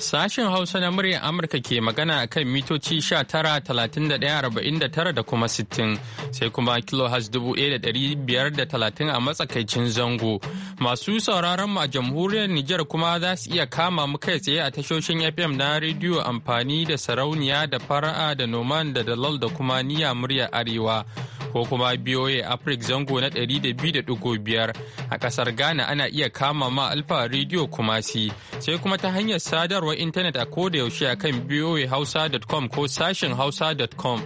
Sashen Hausa na muryar Amurka ke magana a kan mitoci 19,31,49 da kuma 60 sai kuma da talatin a matsakaicin zango. Masu sauraron mu a jamhuriyar Nijar kuma za su iya kama mu kai tsaye a tashoshin FM na rediyo amfani da sarauniya da fara'a da noman da dalal da kuma niya muryar Arewa. ko kuma BOA Africa zango na 200.5 a kasar Ghana ana iya kama ma Alfa Radio Kumasi sai kuma ta hanyar sadarwar intanet a koda yaushe akan boahausa.com ko sashen hausa.com.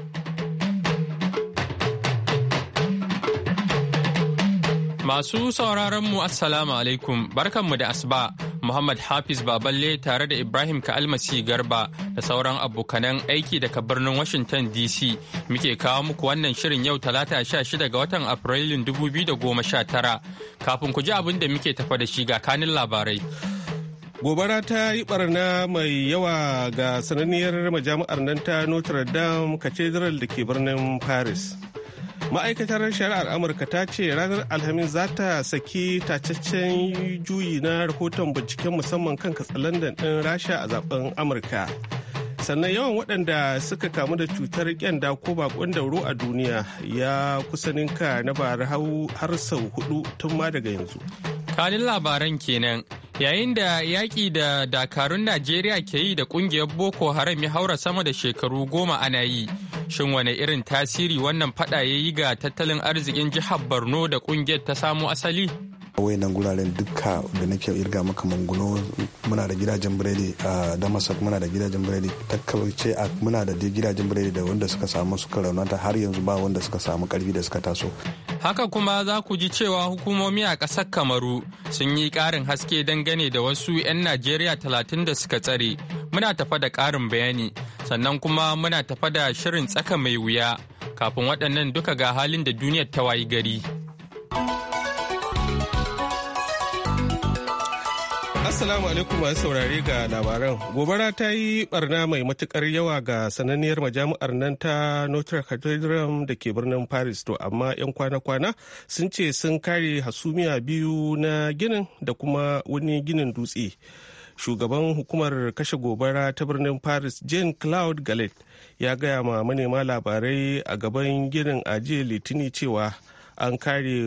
Masu sauraron mu Assalamu alaikum barkanmu da asuba Muhammad Hafiz Baballe tare da Ibrahim Ka'almasi Garba da sauran abokanan aiki daga birnin Washington DC muke kawo muku wannan shirin yau talata 16 ga watan Afrilun 2019 kafin ku ji abin da muke tafa da shi ga kanin labarai. gobara ta yi barna mai yawa ga sananniyar majami'ar nan ta notre dame cathedral da ke birnin paris ma'aikatar shari'ar amurka ta ce ranar alhamis za ta saki tacaccen juyi na rahoton binciken musamman kan katsalandan ɗin rasha a zaben amurka sannan yawan waɗanda suka kamu da cutar kyanda ko bakon dauro a duniya ya kusa ninka na bara har sau hudu tun ma daga yanzu kanin labaran kenan yayin da yaƙi da dakarun najeriya ke yi da ƙungiyar boko haram ya haura sama da shekaru goma ana yi shin wane irin tasiri wannan faɗa ya yi ga tattalin arzikin jihar borno da ƙungiyar ta samo asali nan guraren duka da nake irga maka manguno muna da gidajen biredi a damasak muna da gidajen biredi kawace a muna da gidajen biredi da wanda suka samu suka raunata har yanzu ba wanda suka samu karfi da suka taso haka kuma za ku ji cewa hukumomi a ƙasar kamaru sun yi ƙarin haske dangane da wasu 'yan najeriya talatin da suka tsare muna tafa da ƙarin bayani sannan kuma muna tafa da shirin tsaka mai wuya kafin waɗannan duka ga halin da duniyar ta wayi gari. Assalamu alaikum masu saurare ga labaran. Gobara ta yi barna mai matukar yawa ga sananniyar majami'ar nan ta Notre Cathedral da ke birnin Paris to amma 'yan kwana-kwana sun ce sun kare hasumiya biyu na ginin da kuma wani ginin dutse. Shugaban hukumar kashe gobara ta birnin Paris Jean Claude Gallet ya gaya ma manema labarai a gaban ginin ajiye litini cewa an kare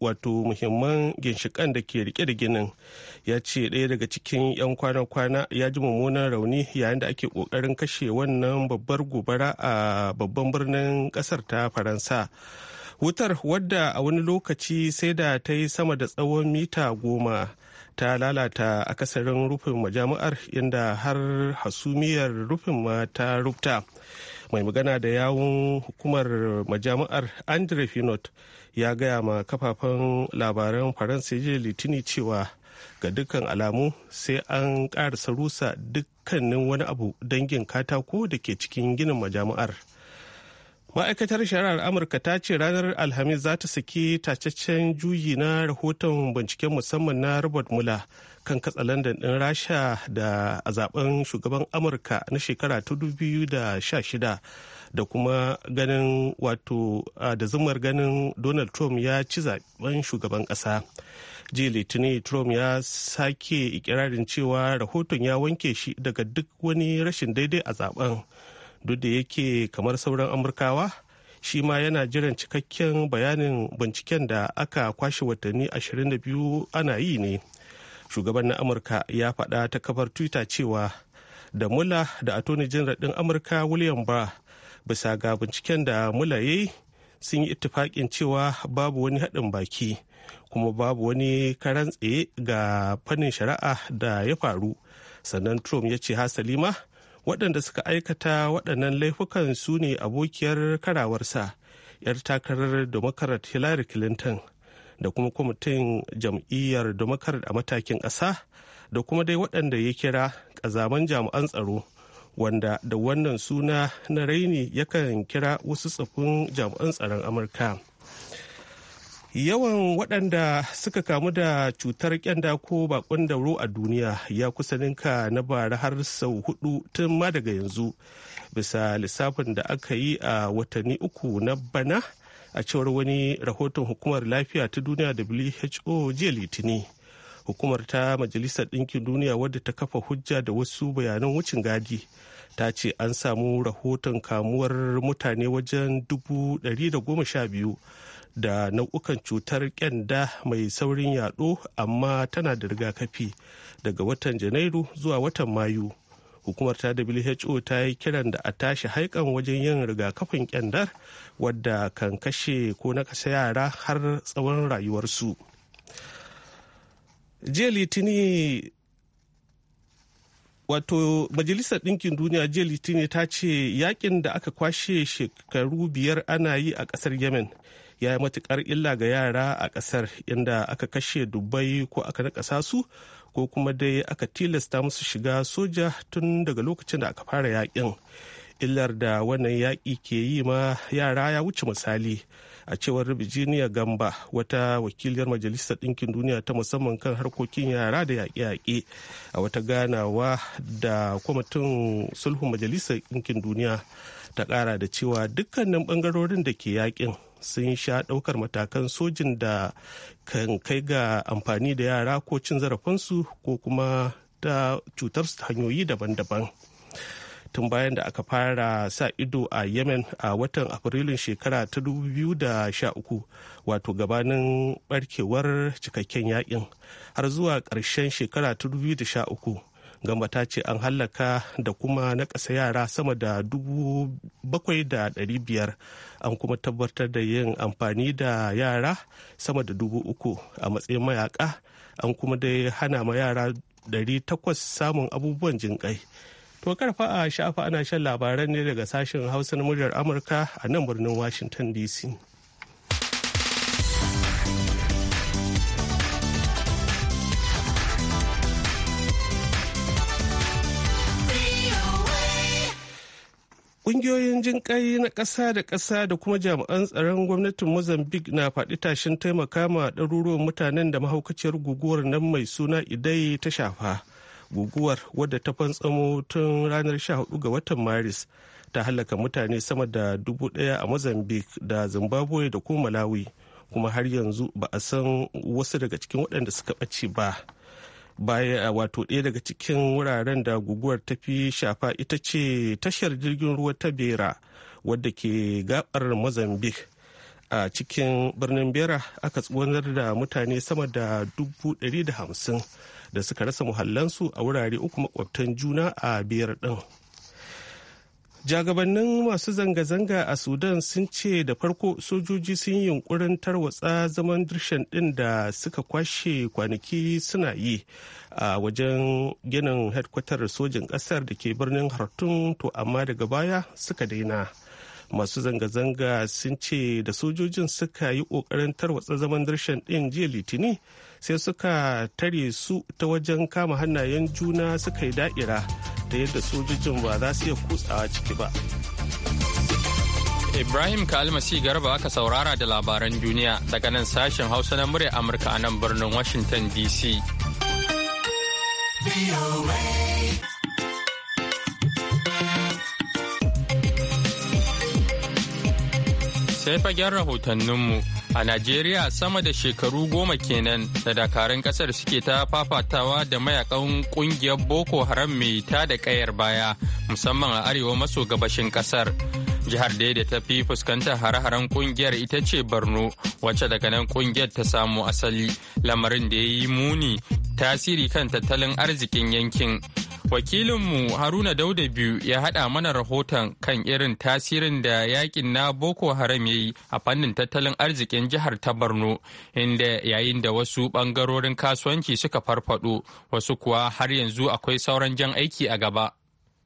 wato muhimman ginshikan da ke rike da ginin. ya ce ɗaya daga cikin 'yan kwana-kwana ya ji mummunan rauni yayin da ake ƙoƙarin kashe wannan babbar gobara a babban birnin ƙasar ta faransa wutar wadda a wani lokaci sai da ta yi sama da tsawon mita goma ta lalata akasarin rufin majami'ar inda har hasumiyar rufin ma ta rufta mai magana da yawun hukumar majami'ar andre finot ya gaya ma kafafen labaran faransa jiya litini cewa ga dukkan alamu sai an karasa rusa dukkanin wani abu dangin katako da ke cikin ginin majami'ar ma'aikatar shari'ar amurka ta ce ranar alhamis za ta saki tacaccen juyi na rahoton binciken musamman na robert mula kan katsalandan ɗin rasha da a zaben shugaban amurka na shekara ta 2016 da kuma ganin wato da zumar ganin donald trump ya ci zaben shugaban ƙasa jiya litinin trump ya sake ikirarin cewa rahoton ya wanke shi daga duk wani rashin daidai a zaben duk da yake kamar sauran amurkawa shi ma yana jiran cikakken bayanin binciken da aka kwashe watanni 22 ana yi ne shugaban na amurka ya faɗa ta kafar twitter cewa da mula da atoni jin ɗin amurka william barr bisa ga binciken da mula ya yi sun yi ittifaƙin cewa babu wani haɗin baki kuma babu wani karan tsaye ga fannin shari'a da ya faru sannan trump ya ce hasali ma waɗanda suka aikata waɗannan laifukan su ne abokiyar karawarsa 'yar takarar democrat hillary clinton da kuma kwamitin jam'iyyar democrat a matakin ƙasa da kuma dai waɗanda ya kira ƙazaman jami'an tsaro wanda da wannan suna na raini yakan kira wasu tsafin jami'an tsaron amurka Yawan waɗanda suka kamu da cutar kyanda ko bakon dauro a duniya ya kusa ninka na bara har sau hudu tun ma daga yanzu bisa lissafin da aka yi a watanni uku na bana a cewar wani rahoton hukumar lafiya ta duniya WHO jiya litini. Hukumar ta Majalisar Ɗinkin Duniya wadda ta kafa hujja da wasu bayanan wucin gadi. ta ce an samu rahoton kamuwar mutane wajen dubu da goma sha da nau'ukan cutar kyanda mai saurin yaɗo amma tana da rigakafi daga watan janairu zuwa watan mayu hukumar ta who ta yi kiran da a tashi haikan wajen yin rigakafin kyandar wadda kan kashe ko kasa yara har tsawon rayuwarsu wato majalisar ɗinkin duniya jiya litini ta ce yakin da aka kwashe shekaru biyar ana yi a ƙasar yemen ya yi matukar illa ga yara a ƙasar inda aka kashe dubbai ko aka nakasa su ko kuma dai aka tilasta musu shiga soja tun daga lokacin da aka fara yakin illar da wannan yaƙi ke yi ma yara ya wuce misali a cewar virginia gamba wata wakiliyar majalisar ɗinkin duniya ta musamman kan harkokin yara da yaƙe-yaƙe a wata ganawa da kwamitin sulhun majalisar ɗinkin duniya ta ƙara da cewa dukkanin ɓangarorin da ke yaƙin sun sha ɗaukar matakan sojin da kan kai ga amfani da yara ko cin zarafinsu ko kuma ta cutar hanyoyi daban-daban tun bayan da aka fara sa ido a yemen a watan afrilun shekara ta 2013 wato gabanin barkewar cikakken yakin har zuwa ƙarshen shekara ta 2013 gamba ta ce an hallaka da kuma ƙasa yara sama da dubu bakwai da ɗari biyar an kuma tabbatar da yin amfani da yara sama da dubu uku a matsayin mayaka an kuma dai hana ma yara ɗari takwas samun abubuwan jinƙai to karfa a shafa ana shan labaran ne daga sashen hausa na muryar amurka a nan birnin washington dc Ƙungiyoyin jinƙai na ƙasa da ƙasa da kuma jami'an tsaron gwamnatin Mozambique na faɗi tashin taimaka ma ɗaruruwan mutanen da mahaukaciyar guguwar nan mai suna idai ta shafa. Guguwar wadda ta fantsamo tun ranar 14 ga watan Maris ta halaka mutane sama da dubu ɗaya a Mozambique da Zimbabwe da kuma Malawi kuma har yanzu ba a san wasu daga cikin waɗanda suka ɓace ba. baya wato ɗaya daga cikin wuraren da guguwar ta fi shafa ita ce tashar jirgin ruwa ta bera wadda ke gabar mozambique a cikin birnin bera aka tsuwanar da mutane sama da dubu ɗari da hamsin da suka rasa muhallansu a wurare uku makwabtan juna a biyar ɗin. jagabannin masu zanga-zanga a sudan sun ce da farko sojoji sun yi yunkurin tarwatsa zaman dirshan din da suka kwashe kwanaki suna yi a wajen ginin hedkwatar sojin kasar da ke birnin hartun to amma daga baya suka daina masu zanga-zanga sun ce da sojojin suka yi kokarin tarwatsa zaman dirshan din jiya litini sai suka tare su ta wajen kama hannayen juna suka yi da'ira ta yadda sojojin ba za su iya kutsawa ciki ba ibrahim kalmasi garba aka saurara da labaran duniya daga nan sashen hausa na murya amurka a nan birnin washington dc sai fagen rahotanninmu A Najeriya sama da shekaru goma kenan da dakarun kasar suke ta fafatawa da mayakan kungiyar Boko Haram mai ta da kayar baya musamman a arewa maso gabashin kasar. Jihar da ta fi fuskantar hare-haren kungiyar ita ce Borno wacce daga nan kungiyar ta samu asali lamarin da ya yi muni tasiri kan tattalin arzikin yankin. Wakilinmu Haruna Dauda biyu ya haɗa mana rahoton kan irin tasirin da yakin na Boko Haram ya yi a fannin tattalin arzikin jihar ta Borno, inda yayin da wasu ɓangarorin kasuwanci suka farfado, wasu kuwa har yanzu akwai sauran jan aiki a gaba.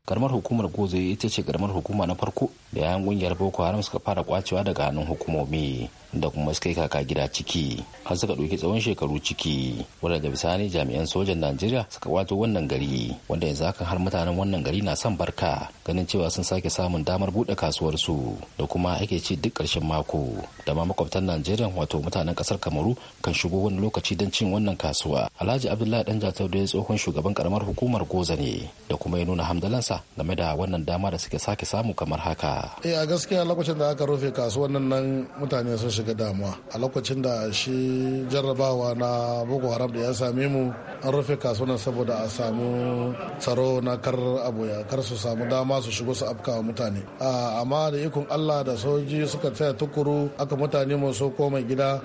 karamar hukumar gozo ita ce karamar hukuma na farko da yayan kungiyar boko haram suka fara kwacewa daga hannun hukumomi da kuma suka yi kaka gida ciki har suka ɗauki tsawon shekaru ciki wadda da bisani jami'an sojan najeriya suka wato wannan gari wanda yanzu hakan har mutanen wannan gari na son barka ganin cewa sun sake samun damar buɗe kasuwarsu da kuma ake ci duk ƙarshen mako da ma makwabtan najeriya wato mutanen ƙasar kamaru kan shigo wani lokaci don cin wannan kasuwa alhaji abdullahi dan jatau da ya tsohon shugaban karamar hukumar goza ne da kuma ya nuna hamdalansa ƙasa game da wannan dama da suke sake samu kamar haka. Eh a gaskiya lokacin da aka rufe kasuwan nan mutane sun shiga damuwa. A lokacin da shi jarrabawa na Boko Haram da ya same mu an rufe kasuwan saboda a samu tsaro na kar aboya kar su samu dama su shigo su afkawa mutane. Amma da ikon Allah da soji suka tsaya tukuru aka mutane mu so koma gida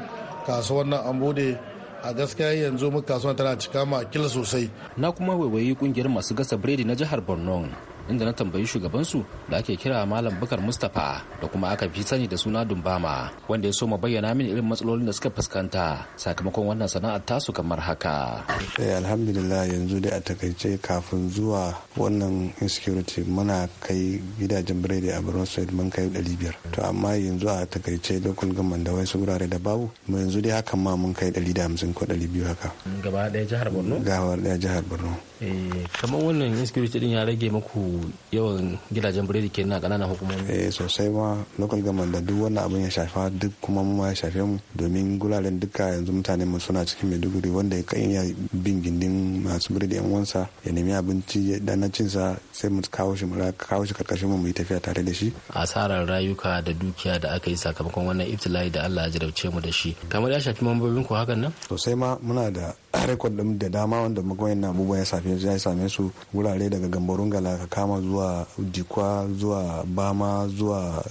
kasuwan nan an bude a gaskiya yanzu muka tana cika makil sosai na kuma waiwayi kungiyar masu gasa biredi na jihar borno inda na tambayi shugabansu da ake kira malam bukar mustapha da kuma aka fi sani da suna dumbama wanda ya so ma bayyana mini irin matsalolin da suka fuskanta sakamakon wannan sana'ar tasu kamar haka eh, alhamdulillah yanzu dai a takaice kafin zuwa wannan insecurity muna kai gidajen biredi a birnin sa'id mun kai biyar to amma yanzu a takaice lokacin government da wasu wurare da babu yanzu dai hakan ma mun kai da hamsin ko biyu haka gaba daya jihar borno gaba daya jihar borno Eh, kamar wannan insecurity din ya rage muku yawan gidajen biredi kenan a kananan hukumomi eh sosai ma local government da duk wannan abin ya shafa duk kuma mu ya shafe mu domin guraren duka yanzu mutane mu suna cikin maiduguri wanda ya kai ya bin gindin masu biredi yan wansa ya nemi abinci da na cinsa sai mu kawo shi mu kawo shi karkashin mu mu yi tafiya tare da shi asarar rayuka da dukiya da aka yi sakamakon wannan iftila'i da Allah ya jarabce mu da shi kamar ya shafi mambobin ku hakan nan sosai ma muna da rekod da dama wanda muka wayan abubuwa ya shafi ya ya same su wurare daga gambarun gala ka kama zuwa dikwa zuwa bama zuwa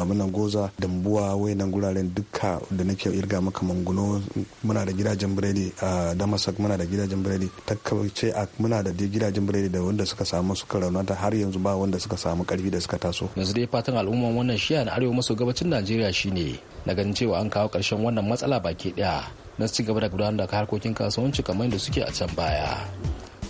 abinan goza dambuwa nan guraren duka da nake irga maka manguno muna da gidajen biredi a damasak muna da gidajen biredi takkace a muna da gidajen biredi da wanda suka samu suka raunata har yanzu ba wanda suka samu karfi da suka taso yanzu dai fatan al'umman wannan shiya na arewa maso gabacin najeriya shine na ganin cewa an kawo karshen wannan matsala baki daya na ci gaba da gudanar da harkokin kasuwanci kamar da suke a can baya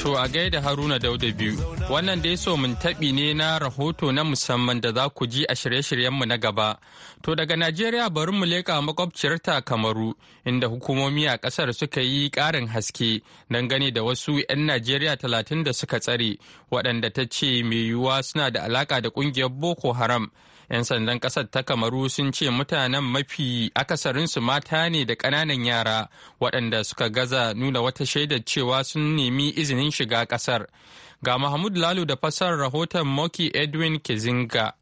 To a gaida Haruna Dauda biyu, wannan dai so mun taɓi ne na rahoto na musamman da za ku ji a shirye-shiryenmu na gaba. To daga Najeriya bari mu leƙa ta Kamaru, inda hukumomi a ƙasar suka yi ƙarin haske dangane da wasu 'yan Najeriya talatin da suka tsare, waɗanda ta ce mai yiwuwa suna da alaƙa da ƙungiyar Boko Haram. 'Yan sandan kasar ta Kamaru sun ce mutanen mafi akasarinsu mata ne da ƙananan yara waɗanda suka gaza nuna wata shaidar cewa sun nemi izinin shiga ƙasar. Ga Mahmud Lalu da fasar rahoton Moki Edwin Kizinga.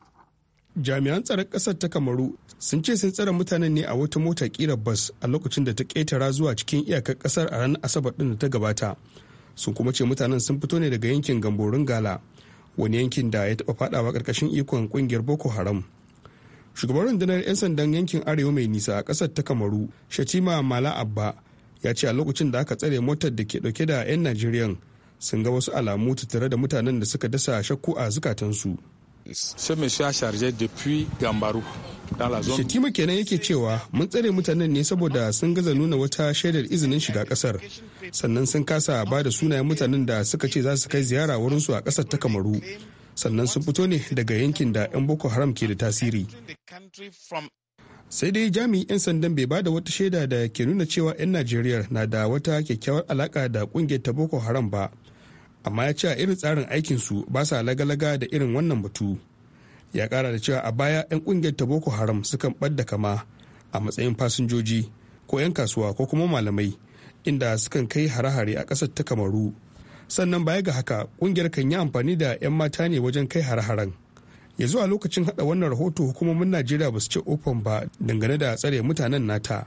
Jami'an tsaron ƙasar ta Kamaru sun ce sun tsare mutanen ne a wata mota ƙira bas a lokacin da ta ƙetara zuwa cikin iyakar ƙasar a ranar Asabar ɗin da ta gabata. Sun kuma ce mutanen sun fito ne daga yankin Gamborin Gala. wani yankin da ya taɓa fadawa ƙarƙashin ikon ƙungiyar boko haram shugaban rundunar 'yan sandan yankin arewa mai nisa a ƙasar ta kamaru shatima mala abba ya ce a lokacin da aka tsare motar da ke dauke da 'yan najeriya sun ga wasu alamu tattare da mutanen da suka dasa shakku a zukatansu. Ce monsieur a chargé kenan yake cewa mun tsare mutanen ne saboda sun gaza nuna wata shaidar izinin shiga kasar sannan sun kasa ba da sunayen mutanen da suka ce za su kai ziyara wurinsu a kasar ta kamaru sannan sun fito ne daga yankin da 'yan boko haram ke da tasiri sai dai jami'in 'yan sandan bai bada wata shaida da ke nuna cewa 'yan najeriya na da wata kyakkyawar alaka da kungiyar ta boko haram ba amma ya ce a irin tsarin aikinsu ba sa lagalaga da irin wannan batu ya kara da cewa a baya 'yan kungiyar ta boko haram sukan ɓadda kama a matsayin fasinjoji ko 'yan kasuwa ko kuma malamai inda sukan kai hare-hare a ƙasar ta kamaru sannan baya ga haka kungiyar kan yi amfani da 'yan mata ne wajen kai hare-haren ya zuwa lokacin hada wannan rahoto hukumomin najeriya ba su ce open ba dangane da tsare mutanen nata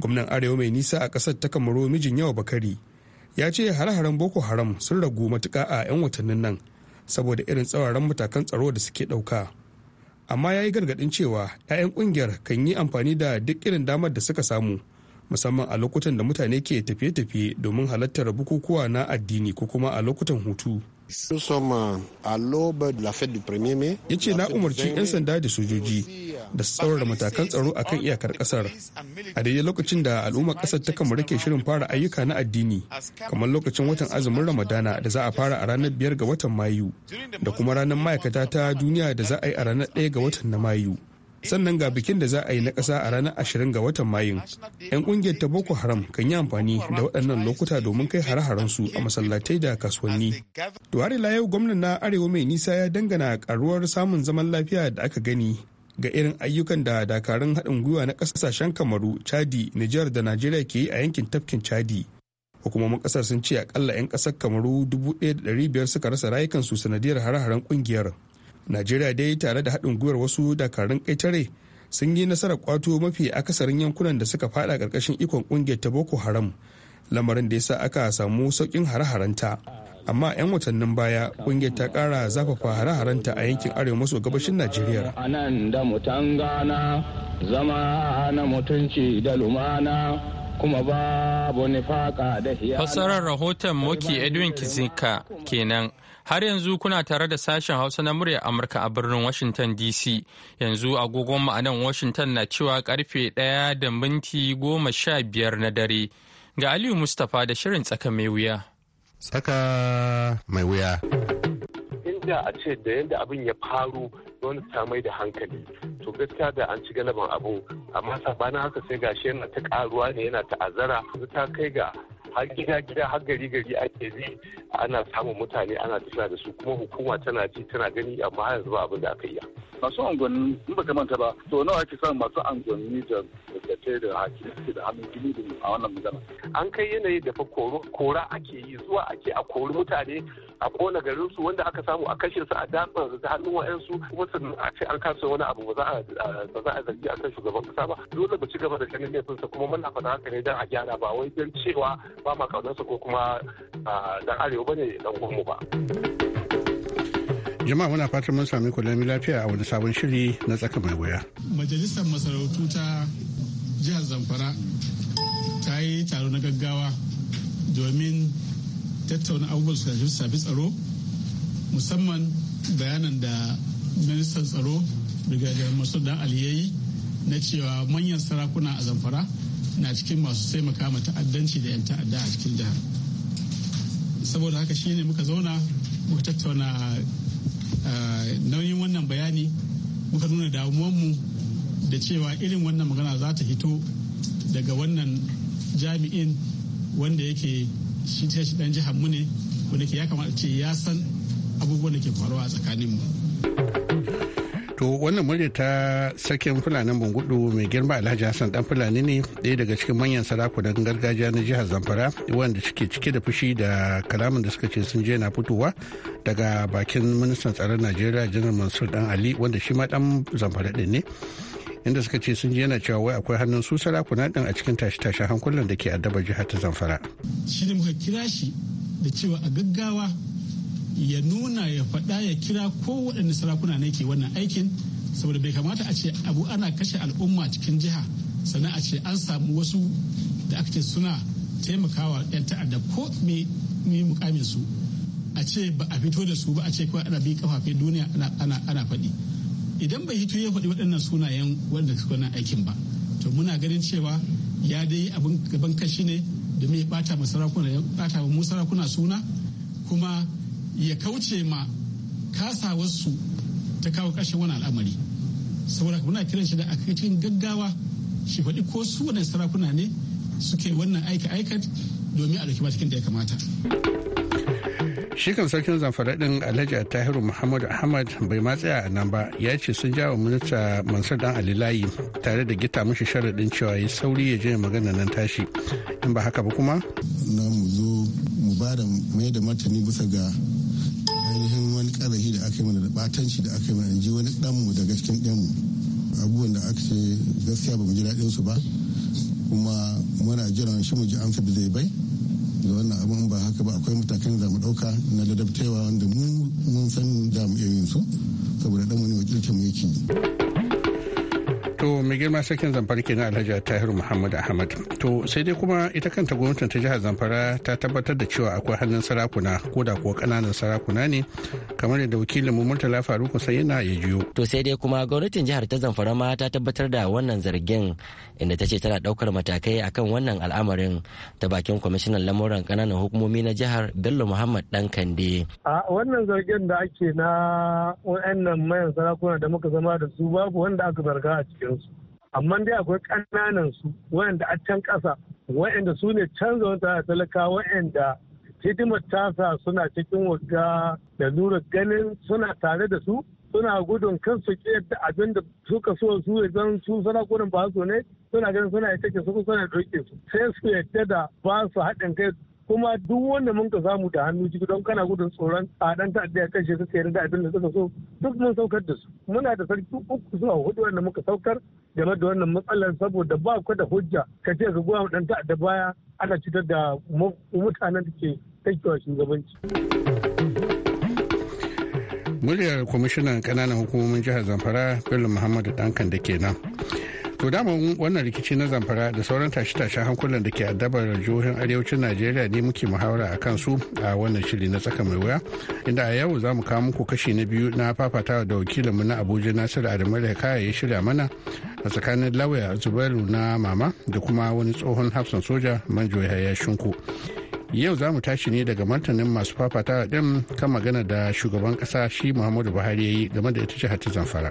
gwamnan arewa mai nisa a ƙasar ta kamaru mijin yawa bakari ya ce har-haren boko haram sun ragu matuka a 'yan watannin nan saboda irin tsawaran matakan tsaro da suke ɗauka amma ya yi gargaɗin cewa 'ya'yan ƙungiyar kan yi amfani da duk irin damar da suka samu musamman a lokutan da mutane ke tafiye-tafiye domin halartar bukukuwa na addini ko kuma a lokutan hutu Euh, ya ce na umarci 'yan sanda da sojoji da su tsaurara matakan tsaro a kan iyakar ƙasar a daidai lokacin da al'ummar ƙasar ta kama ke shirin fara ayyuka na addini kamar lokacin watan azumin ramadana da za a fara a ranar biyar ga watan mayu da kuma ranar ma'aikata ta duniya da za a yi a ranar ɗaya ga watan na mayu sannan ga bikin da za a yi na ƙasa a ranar 20 ga watan mayun 'yan ƙungiyar ta boko haram kan yi amfani da waɗannan lokuta domin kai hare-harensu a masallatai da kasuwanni to har ila yau gwamnan na arewa mai nisa ya dangana karuwar samun zaman lafiya da aka gani ga irin ayyukan da dakarun haɗin gwiwa na ƙasashen kamaru chadi nijar da najeriya ke yi a yankin tafkin chadi hukumomin ƙasar sun ce akalla 'yan ƙasar kamaru 1,500 suka rasa rayukansu sanadiyar hare-haren ƙungiyar najeriya dai tare da haɗin gwiwar wasu dakarun ƙetare sun yi nasarar kwato mafi akasarin yankunan da suka fada ƙarƙashin ikon ƙungiyar ta boko haram lamarin da ya sa aka samu saukin hare-harenta amma 'yan watannin baya ƙungiyar ta kara zafafa hare-harenta a yankin arewa maso gabashin najeriya a zama na mutunci da lumana kuma babu nifaka da fasarar rahoton moki edwin kizinka kenan Har yanzu kuna tare da sashen Hausa na murya Amurka a birnin Washington DC. Yanzu agogon ma'anan Washington na cewa karfe ɗaya da minti goma sha biyar na dare. Ga Aliyu Mustapha da shirin tsaka mai wuya. Tsaka mai wuya. Inda a ce da yadda abin ya faru wani samai da hankali. To gaskiya da an ci galaban abu amma sabanin haka sai gashi yana ta karuwa ne yana ta'azzara ta kai ga har gida gida har gari gari ake bi ana samun mutane ana tuna da su kuma hukuma tana ji tana gani amma har yanzu ba abin da aka yi masu angonni in ba manta ba to nawa ake samun masu angonni da da da suke da hannun gini a wannan magana an kai yanayi da fa kora ake yi zuwa ake a kori mutane a kona garin su wanda aka samu a kashe su a datsa da hannun wayansu kuma sannan a ce an kasa wani abu ba za a ba za a zargi akan shugaban kasa ba dole ba ci gaba da ganin laifinsa kuma muna faɗa haka ne don a gyara ba wai dan cewa ba ma kaunarsa ko kuma dan arewa bane dan gwamnu ba. jama'a muna fatan mun sami lami lafiya a wani sabon shiri na tsaka mai wuya. majalisar masarautu ta jihar zamfara ta yi taro na gaggawa domin tattauna abubuwan su da shafi tsaro musamman bayanan da ministan tsaro brigadier masu dan aliyayi na cewa manyan sarakuna a zamfara na cikin masu taimaka makama ta'addanci da 'yan ta'adda a cikin jihar saboda haka shi ne muka zauna muka tattauna nauyin wannan bayani muka nuna mu da cewa irin wannan magana za ta hito daga wannan jami'in wanda yake shi ce shi dan jihar mu ne wanda ke ya kamata ce ya san abubuwan da ke faruwa a tsakanin mu to wannan murya ta sakin fulanin bungudu mai girma alhaji hassan dan fulani ne ɗaya daga cikin manyan sarakunan gargajiya na jihar zamfara wanda suke cike da fushi da kalamin da suka ce sun je na fitowa daga bakin ministan tsaron najeriya janar mansur dan ali wanda shi ma dan zamfara ɗin ne inda suka ce sun ji yana cewa wai akwai hannun su sarakuna din a cikin tashe-tashen hankulan da ke addaba jihar ta zamfara shi da muka kira shi da cewa a gaggawa ya nuna ya faɗa ya kira ko waɗanne sarakuna ne ke wannan aikin saboda bai kamata a ce abu ana kashe al'umma cikin jiha sannan a ce an samu wasu da aka ce suna taimakawa 'yan ta'adda ko me mukamin su a ce ba a fito da su ba a ce kawai ana bi kafafe duniya ana faɗi idan bai hito ya faɗi waɗannan sunayen wanda suka na aikin ba to muna ganin cewa ya dai abin gaban kashi ne domin ya ma sarakuna ya suna kuma ya kauce ma kasa wasu ta kawo kashe wani al'amari saboda muna kiran shi da a cikin gaggawa shi faɗi ko su wannan sarakuna ne suke wannan aika aikat domin a ɗauki matakin da ya kamata. shi kan sarkin zamfara din alhaji tahiru muhammadu ahmad bai ma tsaya a nan ba ya ce sun jawo minista mansur dan ali tare da gita mashi sharaɗin cewa ya sauri ya je magana nan tashi in ba haka ba kuma na mu zo mu ba da mai da martani bisa ga ainihin wani karahi da aka yi mana da batanci da aka yi mana ji wani danmu daga cikin mu abubuwan da aka ce gaskiya ba mu ji daɗin su ba kuma muna jiran shi mu ji amsa da zai bai da wannan abin ba haka ba akwai matakan da mu dauka na ladabtewa wanda mu mun san da mu su saboda dan wani ne wakilcin mu yake to mai girma sarkin zamfara kenan alhaji tahir muhammad ahmad to sai dai kuma ita kanta gwamnatin ta jihar zamfara ta tabbatar da cewa akwai hannun sarakuna ko da kuwa kananan sarakuna ne kamar yadda wakilin mu murtala faruku sai yana ya jiyo to sai dai kuma gwamnatin jihar ta zamfara ma ta tabbatar da wannan zargin inda ta ce tana daukar matakai akan wannan al'amarin ta bakin kwamishinan lamuran kananan hukumomi na jihar bello muhammad dan kande a wannan zargin da ake na wayannan mayan sarakuna da muka zama da su babu wanda aka zarga a cikin ɗinsu amma dai akwai ƙananan su wayanda a can ƙasa wayanda su ne canza wata talaka wayanda hidimar tasa suna cikin wagga da lura ganin suna tare da su suna gudun kan su yadda abin da suka so su ya su suna gudun ba su ne suna ganin suna ita ke su suna doke su sai su yadda da ba su haɗin kai kuma duk wanda mun ka samu da hannu ciki don kana gudun tsoron a tsadan ta kan kashe ka yi da abin da suka so duk mun saukar da su muna da sarki uku zuwa hudu wanda muka saukar game da wannan matsalar saboda ba ku da hujja ka ce ka goya dan ta'adda baya ana cutar da mutanen da ke taikewa shugabanci. muryar kwamishinan kananan hukumomin jihar zamfara bello muhammadu dankan da ke nan to daman wannan rikici na zamfara da sauran tashe-tashen hankulan da ke addabar jihohin arewacin najeriya ne muke muhawara a kansu a wannan shiri na tsaka mai wuya inda a yau za mu kawo muku kashi na biyu na fafatawa da wakilinmu na abuja nasiru adamu da kaya ya shirya mana a tsakanin lauya zubairu na mama da kuma wani tsohon hafsan soja manjo yahaya shinku yau za mu tashi ne daga martanin masu fafatawa din kan magana da shugaban kasa shi muhammadu buhari ya yi game da ita ce hatta zamfara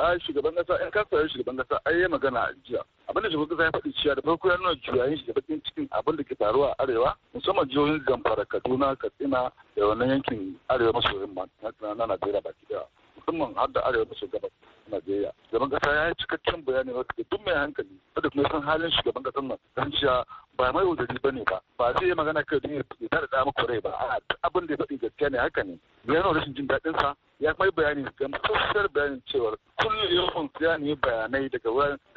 a shugaban kasa in ka saurari shugaban kasa ai ya magana a jiya abin da shugaban kasa ya faɗi cewa da farko ya nuna juyayin shi da bakin cikin abin da ke faruwa a arewa musamman jihohin zamfara kaduna katsina da wannan yankin arewa maso yamma na najeriya baki daya musamman har da arewa maso gabas Najeriya. Shugaban kasa ya yi cikakken bayani wata ke duk mai hankali wanda kuma san halin shugaban kasar nan kan cewa ba mai wuzari ba ne ba ba zai yi magana kai don ya tada da muku rai ba a abin da ya faɗi gaskiya ne haka ne ya nuna rashin jin daɗin sa ya mai bayani ga gamsasshen bayanin cewar kullum yawan ya ne bayanai daga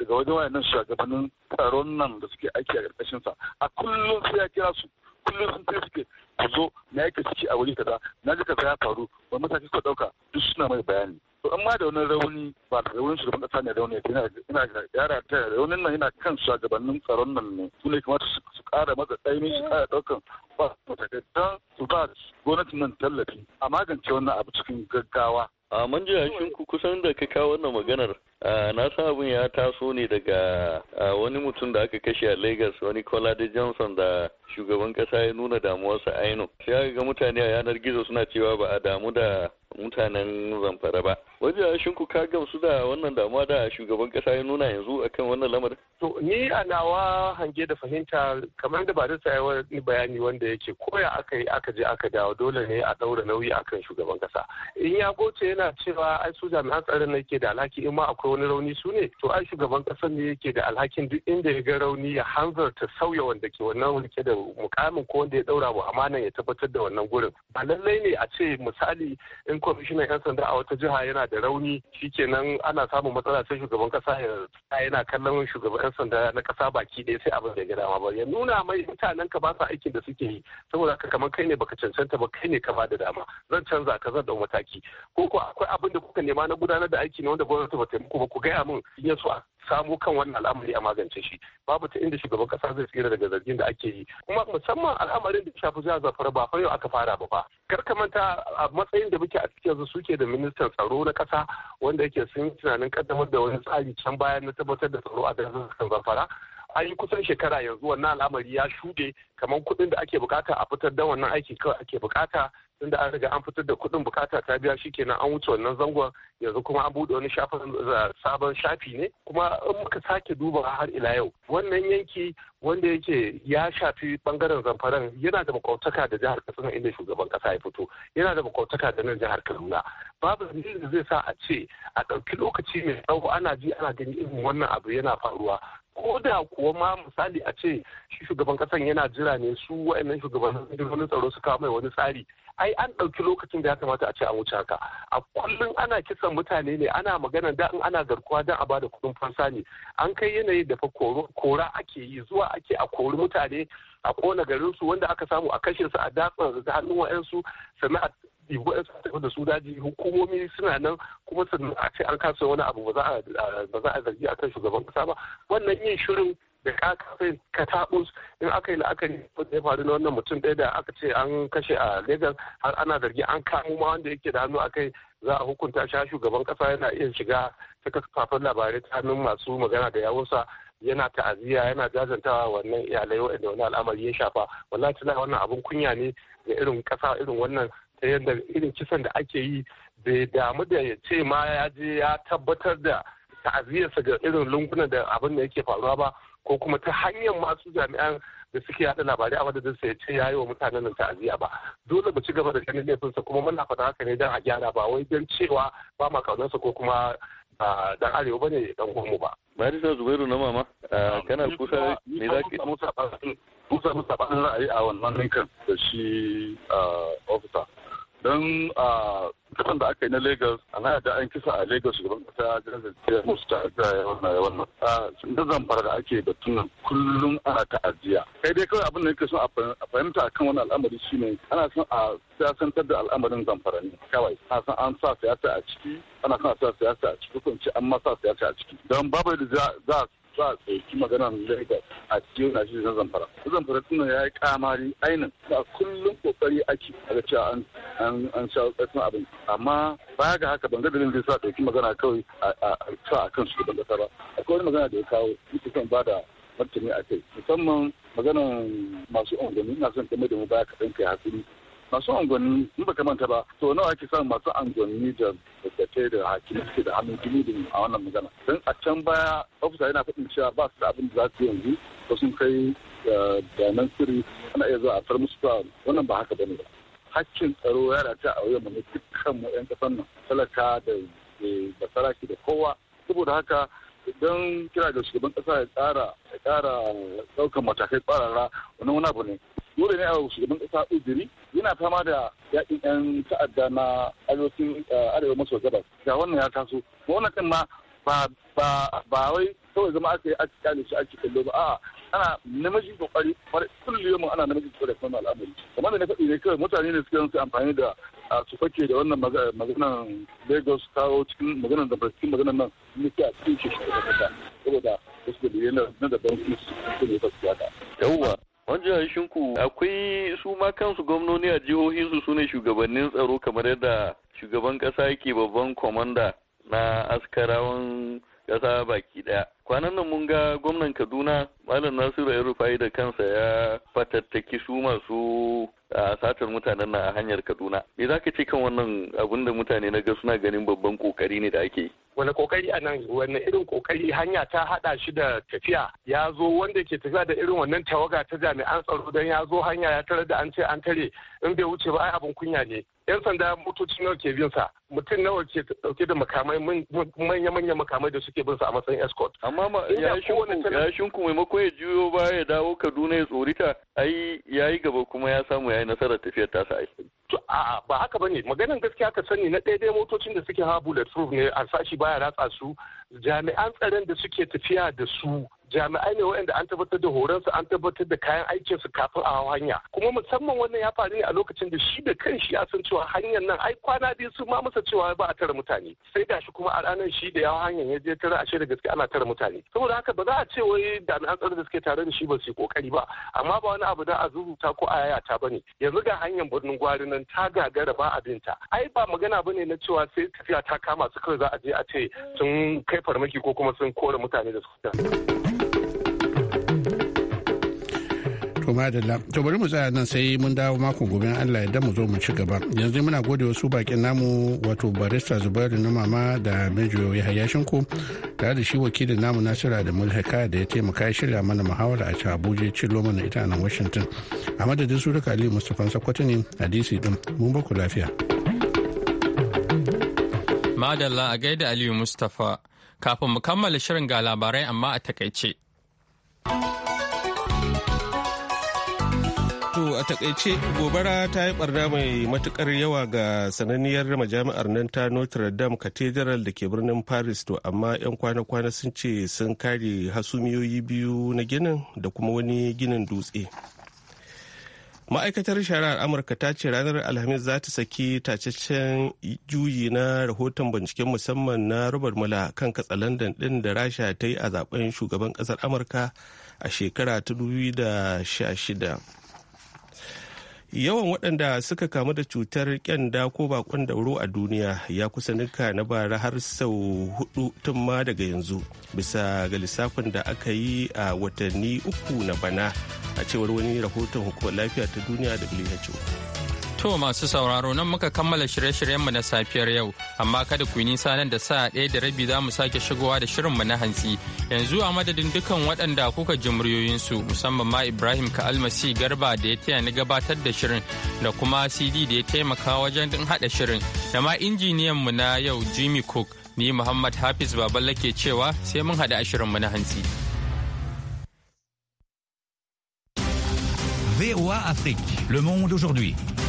wajen wayannan shugabannin tsaron nan da suke aiki a sa a kullum sai ya kira su kullum sun kai suke ku zo na yake ciki a wuri kaza na ji kaza ya faru wani mataki suka ɗauka duk suna mai bayani to amma da wani rauni ba da raunin shugaban kasa ne rauni ina yara ta raunin nan yana kan shugabannin tsaron nan ne su ne kamata su kara matsa tsaimi su kara daukan ba ta don su ba gwamnatin nan tallafi a magance wannan abu cikin gaggawa a manja shin ku kusan da ka kawo wannan maganar na san abin ya taso ne daga wani mutum da aka kashe a lagos wani kolade johnson da shugaban kasa ya nuna damuwarsa aino sai aka ga mutane a yanar gizo suna cewa ba a damu da mutanen zamfara ba wajen shin shinku ka gamsu da wannan damuwa da shugaban kasa ya nuna yanzu akan wannan lamarin to ni a nawa hange da fahimta kamar da ba zai wani bayani wanda yake koya aka yi aka je aka dawo dole ne a daura nauyi akan shugaban kasa in ya goce yana cewa ai su jami'an tsaron ne ke da alhaki in ma akwai wani rauni su ne to ai shugaban kasar ne yake da alhakin duk inda ya ga rauni ya hanzarta sauya wanda ke wannan rike da mukamin ko wanda ya ɗaura mu amanan ya tabbatar da wannan gurin ba lallai ne a ce misali in kwamishinan yan sanda a wata jiha yana da rauni shikenan ana samun matsala sai shugaban kasa ya yana kallon shugaban yan sanda na kasa baki ɗaya sai abin da ya dama ba ya nuna mai mutanen ka ba sa aikin da suke yi saboda haka kamar kai ne baka cancanta ba kai ne ka ba da dama zan canza ka zan dau mataki ko ko akwai abin da kuka nema na gudanar da aiki ne wanda gwamnati ba ta muku ba ku gaya min in ya samo kan wannan al'amari a magance shi babu ta inda shugaban kasa zai tsira daga zargin da ake yi kuma musamman al'amarin da shafi jihar zafara ba fa yau aka fara ba fa kar ka manta a matsayin da muke a cikin yanzu suke da ministan tsaro na kasa wanda yake sun tunanin kaddamar da wani tsari can bayan na tabbatar da tsaro a jihar zafara an yi kusan shekara yanzu wannan al'amari ya shuɗe kamar kuɗin da ake bukata a fitar da wannan aiki kawai ake bukata tunda an riga an fitar da kuɗin bukata ta biya shi kenan an wuce wannan zangon yanzu kuma an buɗe wani shafin sabon shafi ne kuma in muka sake duba har ila yau wannan yanki wanda yake ya shafi bangaren zamfaran yana da makwautaka da jihar katsina inda shugaban kasa ya fito yana da makwautaka da nan jihar kaduna babu da zai sa a ce a ɗauki lokaci mai tsawo ana ji ana gani irin wannan abu yana faruwa ko da kuwa ma misali a ce shi shugaban kasan yana jira ne su wa'annan shugabannin tsaro su kawo mai wani tsari ai an ɗauki lokacin da ya kamata a ce an wuce haka a kullum ana kisan mutane ne ana magana da in ana garkuwa don a bada kuɗin fansa ne an kai yanayi da fa kora ake yi zuwa ake a kori mutane a kona garin wanda aka samu a kashe su a datsan da hannun wa'ansu sannan ɗibi waɗansu a da su daji hukumomi suna nan kuma sannan a ce an kasa wani abu ba za a zargi a kan shugaban kasa ba wannan yin shirin da ka ka katabus in aka yi la'akari da ya faru na wannan mutum ɗaya da aka ce an kashe a Legas har ana zargi an kamo ma wanda yake da hannu a kai za a hukunta shi shugaban kasa yana iya shiga ta kafafen labarai ta hannun masu magana da yawunsa yana ta'aziyya yana jajantawa wannan iyalai wa'anda wani al'amari ya shafa wallahi tana wannan abun kunya ne ga irin kasa irin wannan ta yadda irin kisan da ake yi bai damu da ya ce ma ya je ya tabbatar da ta'aziyarsa ga irin lungunan da abin da yake faruwa ba ko kuma ta hanyar masu jami'an da suke yada labarai a madadin sa ya ce ya yi wa mutanen nan ta'aziyya ba dole mu ci gaba da ganin laifinsa kuma muna faɗa haka ne don a gyara ba wai don cewa ba ma kaunarsa ko kuma dan arewa bane dan gurmu ba barisa zubairu na mama kana kusa ne za ki musa musa musa ba ra'ayi a wannan ninkan da shi officer don a kasan da aka yi na lagos ana da an kisa a lagos shugaban kasa jiragen musu ta ajiya ya wannan ya wannan da zamfara da ake da tunan kullum ana ta ajiya kai dai kawai abin da yake son a fahimta kan wani al'amari ne. ana son a siyasantar da al'amarin zamfara ne kawai ana son an sa siyasa a ciki ana son a sa siyasa a ciki ce an ma sa siyasa a ciki don babu yadda za a za a ɗauki maganar Lagos a cikin Najeriya na Zamfara. Zamfara tunan ya yi kamari ainin a kullum kokari ake daga cewa an sha tsatsun abin. Amma baya ga haka ban ga dalilin da sa ɗauki magana kawai a cewa a kan shugaban kasa ba. Akwai wani magana da ya kawo ita kan ba da martani a kai musamman maganan masu ungumi na son ta mai da mu baya kaɗan kai hakuri masu angonni in baka manta ba to nawa ake samun masu angonni da da da hakimi suke da hannun gini a wannan magana don a can baya ofisa yana faɗin cewa ba su da abin da za su yanzu ko sun kai da eh, nan siri ana iya zuwa a far musu wannan ba haka bane ba hakkin tsaro ya rata a wajen mu dukkan mu yan kasan nan talaka da basaraki da kowa saboda haka don kira da shugaban kasa ya tsara ya tsara daukan matakai tsarara wani wani abu ne dole ne a shugaban kasa uzuri yana fama da yakin yan ta'adda na arewacin eh, arewa maso gabas ga wannan ya taso wannan kan ma ba ba ba wai kawai zama aka yi aka kyale shi ake kallo ba a'a ana namiji kokari kullum ana namiji kokari kuma al'amari kamar da na faɗi ne kawai mutane ne suke su amfani da su fake da wannan maganan Lagos kawo cikin maganan da cikin maganan nan muke a cikin shi saboda wasu dalilai na daban su ne ba su yada yawwa Wajen shinku akwai su ma kansu gwamnoni a jihohin su sune shugabannin tsaro kamar yadda shugaban ƙasa yake babban komanda na askarawan ƙasa baki ɗaya. kwanan nan mun ga gwamnan kaduna malam nasiru ya rufai da kansa ya fatattaki su masu a satar mutanen na a hanyar kaduna me za ka ce kan wannan abin da mutane na ga suna ganin babban kokari ne da ake yi wani kokari a nan wani irin kokari hanya ta hada shi da tafiya ya zo wanda ke tafiya da irin wannan tawaga ta jami'an tsaro don ya zo hanya ya tarar da an ce an tare in bai wuce ba ai abin kunya ne yan sanda motoci nawa ke bin sa mutum nawa ke dauke da makamai manya-manya makamai da suke bin sa a matsayin escort amma ya yi maimakon ya juyo ba ya dawo kaduna ya tsorita ai ya yi gaba kuma ya samu ya yi nasarar tafiyar ta ba a'a ba haka bane maganin gaskiya ka sani na daidai motocin da suke ha bulletproof ne a sashi baya ratsa su jami'an tsaron da suke tafiya da su jami'ai ne waɗanda an tabbatar da horonsu an tabbatar da kayan aikinsu kafin a hanya kuma musamman wannan ya faru ne a lokacin da shi da kan shi ya san cewa hanyar nan ai kwana biyu su ma masa cewa ba a tara mutane sai gashi kuma a ranar shi da yawa hanyar ya je tara ashe da gaske ana tara mutane saboda haka ba za a ce wai jami'an tsaro da suke tare da shi ba su yi kokari ba amma ba wani abu da a zuzuta ko a yayata ba ne yanzu ga hanyar birnin gwari nan ta gagara ba ta. ai ba magana ba ne na cewa sai tafiya ta kama su kawai za a je a ce sun kai farmaki ko kuma sun kore mutane da su To madalla. To bari mu tsaya nan sai mun dawo makon gobe Allah yadda mu zo mu ci gaba. Yanzu muna gode wasu bakin namu wato barista Zubairu na mama da Mejo Yahaya Shinko tare da shi wakilin namu Nasira da Mulhaka da ya taimaka ya shirya mana muhawara a Abuja loma mana ita nan Washington. A madadin su duka Ali Mustapha Sakwato ne a DC din. Mun ba ku lafiya. Madalla a gaida Aliyu Mustapha. Kafin mu kammala shirin ga labarai amma a takaice. To a takaice gobara ta yi barna mai matukar yawa ga sananniyar majami'ar nan ta Notre Dame Cathedral da ke birnin Paris to amma 'yan kwana-kwana sun ce sun kare hasumiyoyi biyu na ginin da kuma wani ginin dutse. Ma'aikatar shari'ar Amurka ta ce ranar Alhamis za ta saki tacaccen juyi na rahoton binciken musamman na Robert Mula kan katsalandan ɗin da Rasha ta yi a zaben shugaban ƙasar Amurka a shekara ta 2016. yawan waɗanda suka kamu da cutar kyanda ko bakon dauro a duniya ya kusa nuka na bara har sau hudu tun ma daga yanzu bisa ga lissafin da aka yi a watanni uku na bana a cewar wani rahoton hukumar lafiya ta duniya da who To masu sauraro nan muka kammala shirye-shiryenmu na safiyar yau, amma kada ku yi nisa nan da sa ɗaya da rabi za mu sake shigowa da shirinmu na hantsi. Yanzu a madadin dukan waɗanda kuka ji muryoyinsu musamman ma Ibrahim Ka'almasi Garba da ya taya ni gabatar da shirin da kuma CD da ya taimaka wajen din haɗa shirin da ma injiniyanmu na yau Jimmy Cook ni Muhammad Hafiz Baballe ke cewa sai mun haɗa a shirinmu na hantsi. VOA Afrique, le monde aujourd'hui.